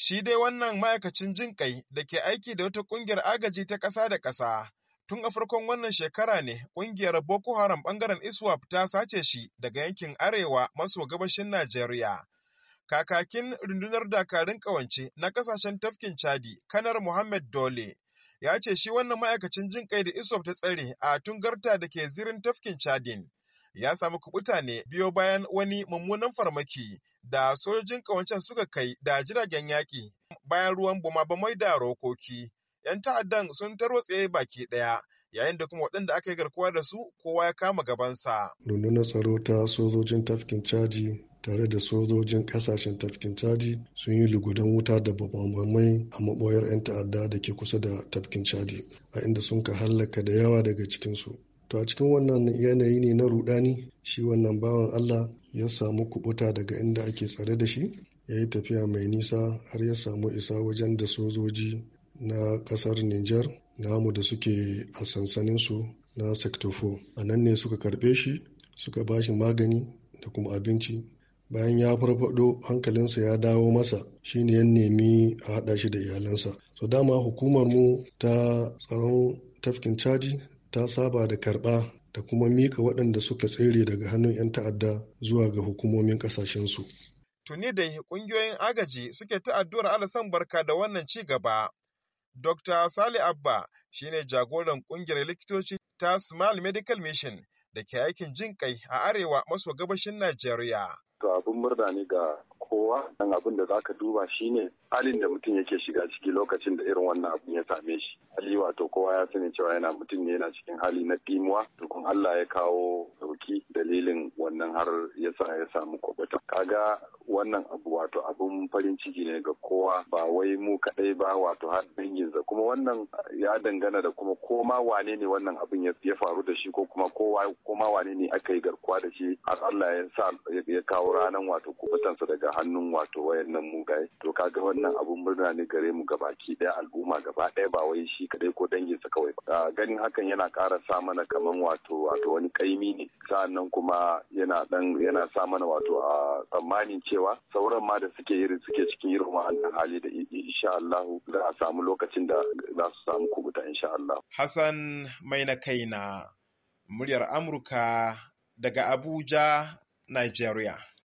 Shi dai wannan ma'aikacin jin ƙai da ke aiki da wata ƙungiyar agaji ta ƙasa da ƙasa. Tun a farkon wannan shekara ne ƙungiyar Boko Haram ɓangaren ISWAP ta sace shi daga yankin Arewa maso gabashin Najeriya. Kakakin rundunar dakarun ƙawance na ƙasashen tafkin Chadi, Kanar Muhammad Dole, ya ce shi wannan ma'aikacin jin ƙai da ISWAP ta tsare a tungarta da ke zirin tafkin Chadin. ya sami kubuta ne biyo bayan wani mummunan farmaki da sojojin ƙawancen suka kai da jiragen yaƙi bayan ruwan bumabamai da rokoki. 'Yan ta'addan sun tarwatse baki ɗaya. yayin da kuma waɗanda aka yi garkuwa da su kowa ya kama gabansa. Rundunar tsaro ta sojojin tafkin caji tare da sojojin ƙasashen tafkin caji sun yi lugudan wuta da babamai a maɓoyar 'yan ta'adda da ke kusa da tafkin caji, a inda sun ka hallaka da yawa daga cikinsu to a cikin wannan yanayi ne na rudani shi wannan bawan allah ya samu kubuta daga inda ake tsare da shi ya yi tafiya mai nisa har ya samu isa wajen da sojoji na ƙasar niger namu da suke a sansaninsu na sektofo a nan ne suka karbe shi suka ba shi magani da kuma abinci bayan ya farfado hankalinsa ya dawo masa shi ne ya nemi a haɗa shi da iyalansa so dama hukumar mu ta tsaron tafkin caji ta saba da karɓa da kuma mika waɗanda suka tsere daga hannun 'yan ta'adda zuwa ga hukumomin ƙasashensu. Tuni da ƙungiyoyin agaji suke ta addu'ar alasan barka da wannan ci gaba. Dr. sali Abba shi ne jagoran ƙungiyar likitoci ta Small Medical Mission da ke aikin jin kai a arewa maso gabashin Najeriya. To abin murna ne ga kowa dan abin da zaka duba shine halin da mutum yake shiga ciki lokacin da irin wannan abin ya same shi hali wato kowa ya sani cewa yana mutum ne yana cikin hali na dimuwa to kun Allah ya kawo dokoki dalilin wannan har yasa ya samu kwabata kaga wannan abu wato abun farin ciki ne ga kowa ba wai mu kadai ba wato har danginsa kuma wannan ya dangana da kuma koma wane ne wannan abin ya faru da shi ko kuma kowa koma wane ne aka yi garkuwa da shi har Allah ya sa ya kawo ranan wato kwabatansa daga hannun wato wayannan mugaye to kaga wannan abun murna ne gare mu gabaki ɗaya al'umma gaba ɗaya ba wai shi kadai ko danginsa kawai ba ganin hakan yana ƙara sa mana kaman wato wato wani kaimi ne nan kuma yana dan yana sa mana wato a tsammanin cewa sauran ma da suke irin suke cikin irin wa'annan hali da insha Allah za a samu lokacin da za su samu kubuta insha Allah Hassan mai na kaina muryar Amurka daga Abuja Nigeria